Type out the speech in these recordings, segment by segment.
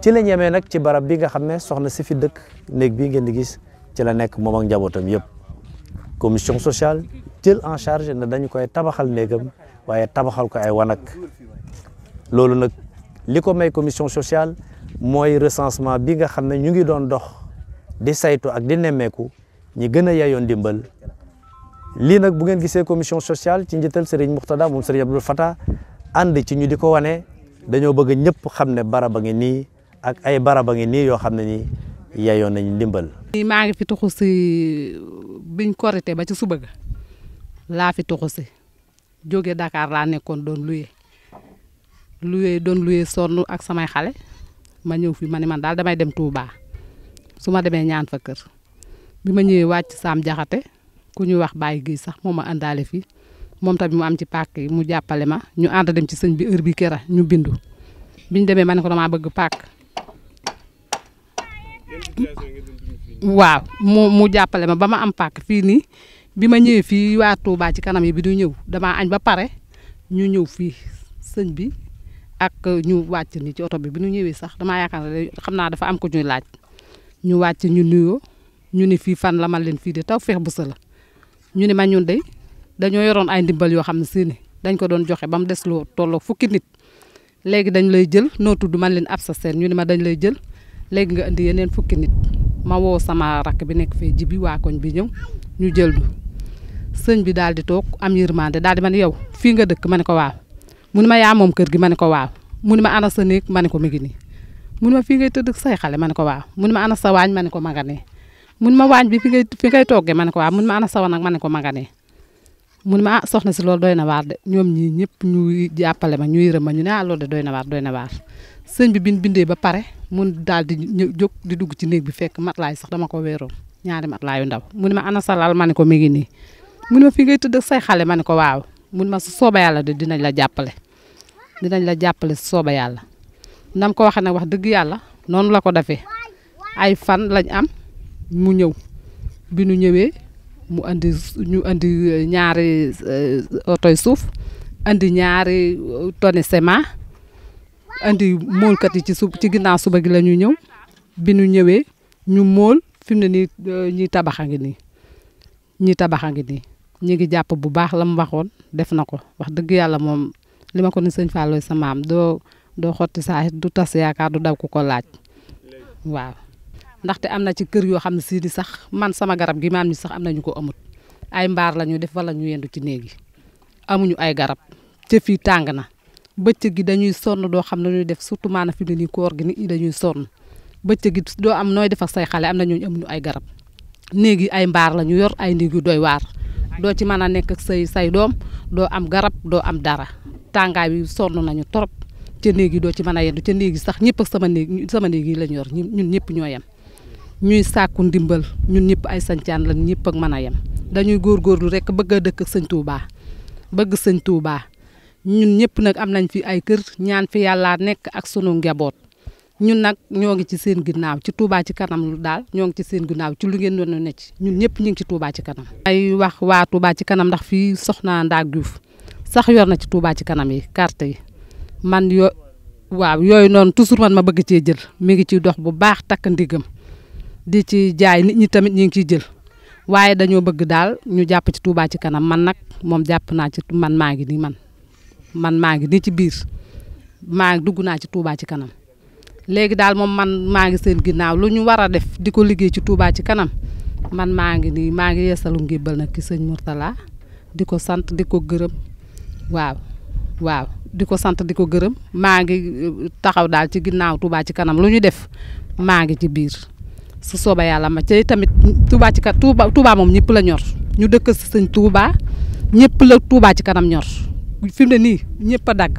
ci la ñemee nag ci barab bii nga xam ne soxna si dëkk néeg bii ngeen di gis ci la nekk moom ak njabootam yëpp commission sociale jël en charge ne dañu koy tabaxal néegam waaye tabaxal ko ay wanag loolu nag li ko may commission sociale mooy recensement bi nga xam ne ñu ngi doon dox di saytu ak di nemmeeku ñi gën a yayoon dimbal lii nag bu ngeen gisee commission sociale ci njiital Serigne Muxtada moom Serigne Abdul Fata ànd ci ñu di ko wane dañoo bëgg ñëpp xam ne barab a ngi nii ak ay baraba ngi nii yoo xam ne nii yayoon nañu ndimbal. maa ngi fi tuxu si biñ korite ba ci suba ga laa fi tuxu si jóge Dakar laa nekkoon doon luye luye doon luye sonn ak samay xale ma ñëw fi ma ne man daal damay dem Touba su ma demee ñaan fa kër bi ma ñëwee wàcc Saam Jaxate ku ñu wax baay gi sax moo ma àndaale fi moom tamit mu am ci pàkk yi mu jàppale ma ñu ànd dem ci sëñ bi heure bi kera ñu bindu biñ demee ma ne ko damaa bëgg pàkk. waaw mu mu jàppale ma ba ma am pàkk fii nii bi ma ñëwee fii waatu Touba ci kanam yi bi du ñëw damaa añ ba pare ñu ñëw fii sëñ bi ak ñu wàcc ni ci oto bi bi ñu ñëwee sax damaa yaakaar ne xam naa dafa am ko ñuy laaj ñu wàcc ñu nuyoo ñu ni fii fan la man leen fii de Tawfekh bu la ñu ne ma ñun de dañoo yoroon ay ndimbal yoo xam ne seeni dañ ko doon joxe ba mu des loo tolloo fukki nit léegi dañ lay jël noo tudd man leen ab sa seen ñu ni ma dañ lay jël léegi nga indi yeneen fukki nit ma woo sama rakk bi nekk fee jibi waa koñ bi ñëw ñu jëldu sëñ bi daal di toog am yërmande daal di ma ne yow fii nga dëkk ma ne ko waaw mun ma yaa kër gi ma ne ko waaw mu ma ana sa néeg ma ne ko mi nii mu ne fii ngay tëdd say xale ma ne ko waaw mu ne sa waañ ma ne ko ma mun ma waañ bi fi nga fi ngay toggee ma ne ko waaw mun ma ana sawa nag ma ne ko ma mun ma ah soxna si loolu doy na waar de ñoom ñii ñëpp ñu jàppale ma ñu yërëm ma ñu ne ah lool de doy na waar doy na waar sëñ bi bin bindee ba pare mun daal di ñëw jóg di dugg ci néeg bi fekk matlaay sax dama ko weeroon ñaari matlaay yu ndaw mu ne ma ana sa lal ma ne ko mi ngi nii mu ma fi ngay tëdd say xale ma ne ko waaw mun ma su sooba yàlla de dinañ la jàppale dinañ la jàppale su sooba yàlla nam ko waxee nag wax dëgg yàlla noonu la ko defee ay fan lañ am mu ñëw bi nu ñëwee mu andi ñu andi eh, ñaari eh, otoy suuf andi ñaari eh, toni ciment andi moolkat yi ci su ci ginnaaw suba gi la ñu ñëw bi ñu ñëwee ñu mool fi ne nii euh, ñiy tabax a ngi nii ñiy tabax ngi nii ñu ngi jàpp bu baax la mu waxoon def na ko wax dëgg yàlla moom li ma ko ne sëñ Fallou sa maam doo doo xotti saa du tas yaakaar du daw ko laaj waaw. ndaxte am na ci kër yoo xam ne sii sax man sama garab gi maam ñi sax am na ñu ko amut ay mbaar la ñuy def wala ñu yendu ci néeg yi amuñu ay garab ca tàng na. bëccëg gi dañuy sonn doo xam ne ñuy def surtout maanaam fi mu ne koor gi nit ñi dañuy sonn bëccëg gi doo am nooy def ak say xale am na ñooñu amuñu ay garab néeg yi ay mbaar la ñu yor ay néeg yu doy waar doo ci mën a nekk ak say say doom doo am garab doo am dara tàngaay bi sonn nañu trop ca néeg yi doo ci man a yendu ca néeg yi sax ñëpp ak sama néeg sama néeg yi lañ yor ñun ñëpp ñoo yem ñuy sàkku ndimbal ñun ñëpp ay sancaan lañ ñëpp ak mën a yem dañuy góorgóorlu rek bëgg a dëkk ak sëñ bëgg sëñ ñun ñëpp nag am nañ fi ay kër ñaan fi yàlla nekk ak sunu njaboot ñun nag ñoo ngi ci seen ginnaaw ci Touba ci kanam lu daal ñoo ngi ci seen ginnaaw ci lu ngeen doon ne ci ñun ñëpp ñu ngi ci Touba ci kanam. ay wax waa ci kanam fii soxna Ndak Diouf sax yor na ci Touba ci kanam yi carte yi man yo waaw yooyu noonu toujours man ma bëgg cee jël mi ngi ciy dox bu baax takk ndigam di ci jaay nit ñi tamit ñu ngi ciy jël. waaye dañoo bëgg daal ñu jàpp ci Touba ci kanam man nag moom jàpp naa ci man maa ngi nii man man maa ngi ni ci biir maa ngi dugg naa ci tuubaa ci kanam léegi daal moom man maa ngi seen ginnaaw lu ñu war a def di ko liggéey ci Touba ci kanam man maa ngi nii maa ngi yeesalu ngébbal nag ki sëñ Mourtala di ko sant di ko gërëm waaw waaw di ko sant di ko gërëm maa ngi uh, taxaw daal ci ginnaaw Touba ci kanam lu ñu def maa ngi ci biir su sooba yàlla ma ci tamit Touba ci kanam moom ñëpp la ñor ñu dëkk si sëñ Touba ñëpp la tuubaa ci kanam ñor fi mu ne nii ñëpp a dagg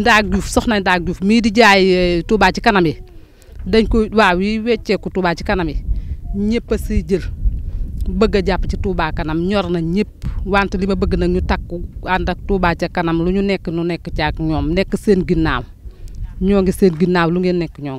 ndaag Diouf soxna ndaag Diouf mii di jaay eh, Touba ci kanam yi dañ ko waaw yi wecceeku Touba ci kanam yi ñëpp a siy jël bëgg a jàpp ci Touba kanam ñor na ñëpp wante li ma bëgg nag ñu takku ànd ak Touba ca kanam lu ñu nekk nu nekk ci ak ñoom nekk seen ginnaaw ñoo ngi seen ginnaaw lu ngeen nekk ñoo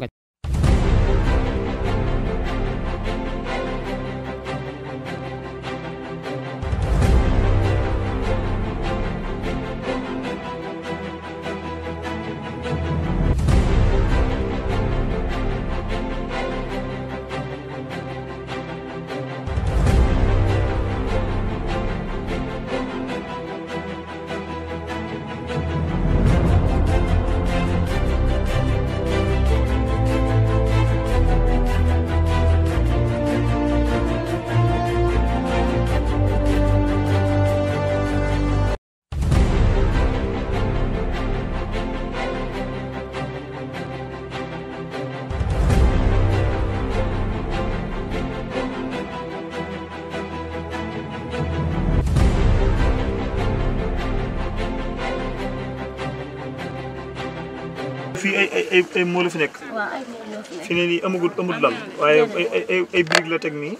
fii ay ay ay la fi nekk. waaw fi nekk. fi nii amagul amul lal waaye ay ay ay briques la teg nii.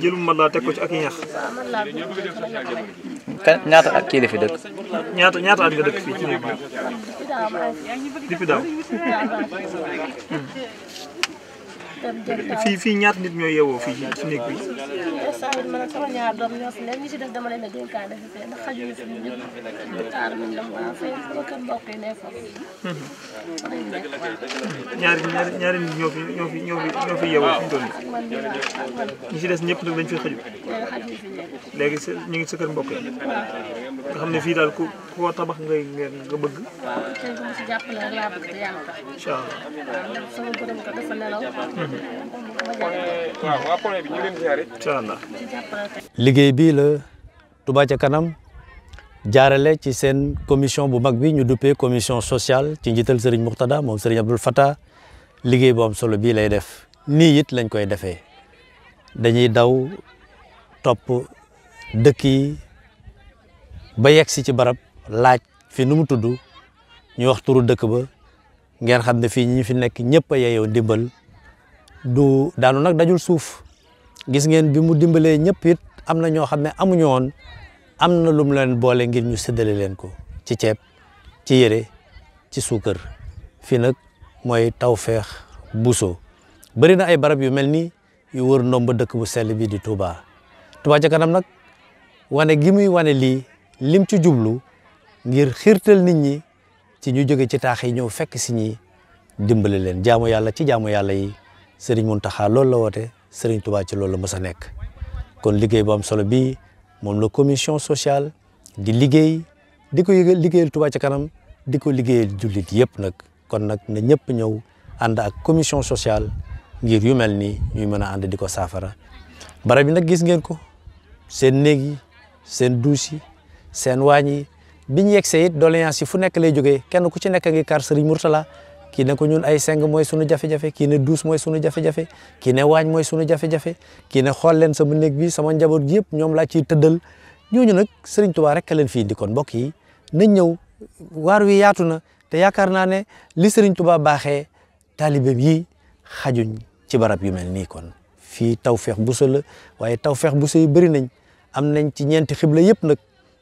jëlum mat teg ko ci ak i ñax. waaw ñaata at kii la fi dëkk. ñaata ñaata at dëkk fii ci néeg hmm. nit ñooy yeewoo fii ci néeg bi. Saïd man ak sama ñaar doom ñoo fi nekk ñi ci des dama leen a dénkaane si fee ndax xajuñu fi ñëpp ñu taar nañ ñu des ñëpp nag dañ fi xaju léegi sa ñu ngi sa kër mbokk yi nga xam ne fii daal ku tabax nga bëgg. tax. ko dafa liggéey bii la Touba ca kanam jaarale ci seen commission bu mag bi ñu duppee commission sociale ci njiital sëriñ Mouxtada moom Serigne Abdoul Fattah liggéey boom solo bii lay def nii it lañ koy defee dañuy daw topp dëkk yi ba yegg si ci barab laaj fi nu mu tudd ñu wax turu dëkk ba ngeen xam ne fii ñu fi nekk ñëpp a yeyoo du daanu nag dajul suuf gis ngeen bi mu dimbalee ñëpp it am na ñoo xam ne amuñu woon am na lum leen boole ngir ñu séddale leen ko ci ceeb ci yére ci suukar fii nag mooy Tawfekh Bousso bari na ay barab yu mel ni yu wër nomba dëkk bu sell bi di Touba Touba ca kanam nag wane gi muy wane lii lim ci jublu ngir xiirtal nit ñi ci ñu jóge ci taax yi ñëw fekk si ñi dimbale leen jaamu yàlla ci jaamu yàlla yi seriñ Serigne Mountakha loolu la woote Serigne Touba ci loolu la mës a nekk kon liggéey bu am solo bii moom la commission sociale di liggéey di ko yëgal liggéeyal ci kanam di ko liggéeyal jullit yëpp nag kon nag na ñëpp ñëw ànd ak commission sociale ngir yu mel nii ñuy mën a ànd di ko saafara barab bi nag gis ngeen ko seen néeg yi seen duus yi seen waañ yi bi ñu yegsee it doléance yi fu nekk lay jógee kenn ku ci nekk ngi kar Serigne Mourtala kii ne ko ñun ay seng mooy sunu jafe-jafe kii ne douche mooy sunu jafe kii ne waañ mooy sunu jafe-jafe kii ne xool leen sama néeg bi sama njaboot gi yëpp ñoom laa ciy tëddal ñooñu nag Serigne Touba rek leen fi indi kon mbokk yi nañ ñëw waar wi yaatu na te yaakaar naa ne li Serigne Touba baaxee taalibeem yi xajuñ ci barab yu mel nii kon fii tawfeex buso la waaye tawfeex buso yu bëri nañ am nañ ci ñeenti xibla yëpp nag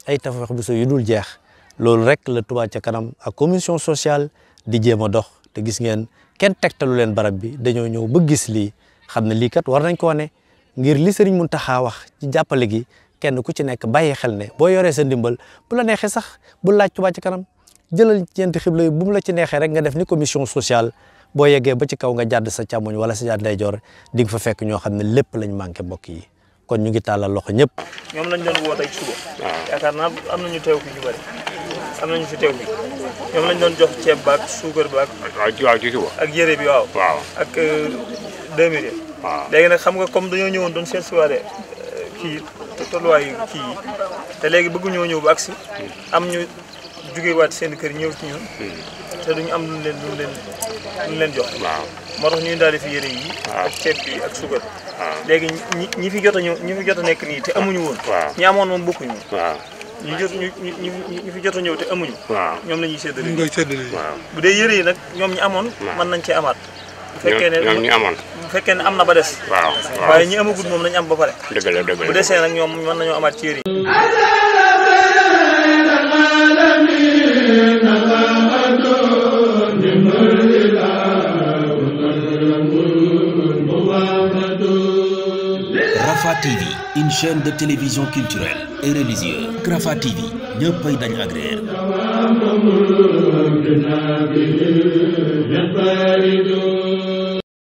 ay tawfeex buso yu dul jeex loolu rek la Touba ca kanam ak commission sociale di jéem a dox te gis ngeen kenn tegtalu leen barab bi dañoo ñëw ba gis lii xam ne lii kat war nañ koo ne ngir li mun Muntaxa wax ci jàppale gi kenn ku ci nekk bàyyi xel ne boo yoree sa ndimbal bu la neexee sax bu laaj Touba ci Kanam jëlal ñeenti xibla yi bu mu la ci neexee rek nga def ni commission sociale boo yeggee ba ci kaw nga jàdd sa càmmoñ wala sa jàdd ndeyjoor di nga fa fekk ñoo xam ne lépp lañ manqué mbokk yi kon ñu ngi tàllal loxo ñëpp. ñoom lañ doon woo tey ñoom lañ doon jox ceeb baak suukar baak. ak waaw ci suba. ak yére bi waaw. waaw ak 2000. Euh, léegi nag xam nga comme dañoo ñëwoon doon seen si waale euh, kii tolluwaayu kii te léegi bëggu ñoo ñëw ba agsi hmm. am ñu jóge waat seen kër ñëw ci ñun. Hmm. te ñu am luñ leen luñ leen luñ leen jox. waaw moo tax ñuy daal fi yére yi. ak ceeb bi ak suukar. léegi ñi ñi fi jot a ñëw ñi fi jot a nekk nii te amuñu woon. ñi amoon moom bokkuñu. ñu jot ñu ñu ñu fi jot a ñëw te amuñu. waaw ñoom la ñuy séddale. ñu ngi koy séddale waaw. bu dee yëre yi nag ñoom ñi amoon. mën nañ cee amaat. bu fekkee ne ñoom ñi amoon. bu fekkee ne am na ba des. waaw waaw waaye ñi amagut moom nañu am ba pare. dëgg la dëgg la bu desee nag ñoom mën nañoo amaat ci yëre yi. Rafah TV, une chaîne de télévision culturelle. et religieux Rafah TV ñëppay dañ agréer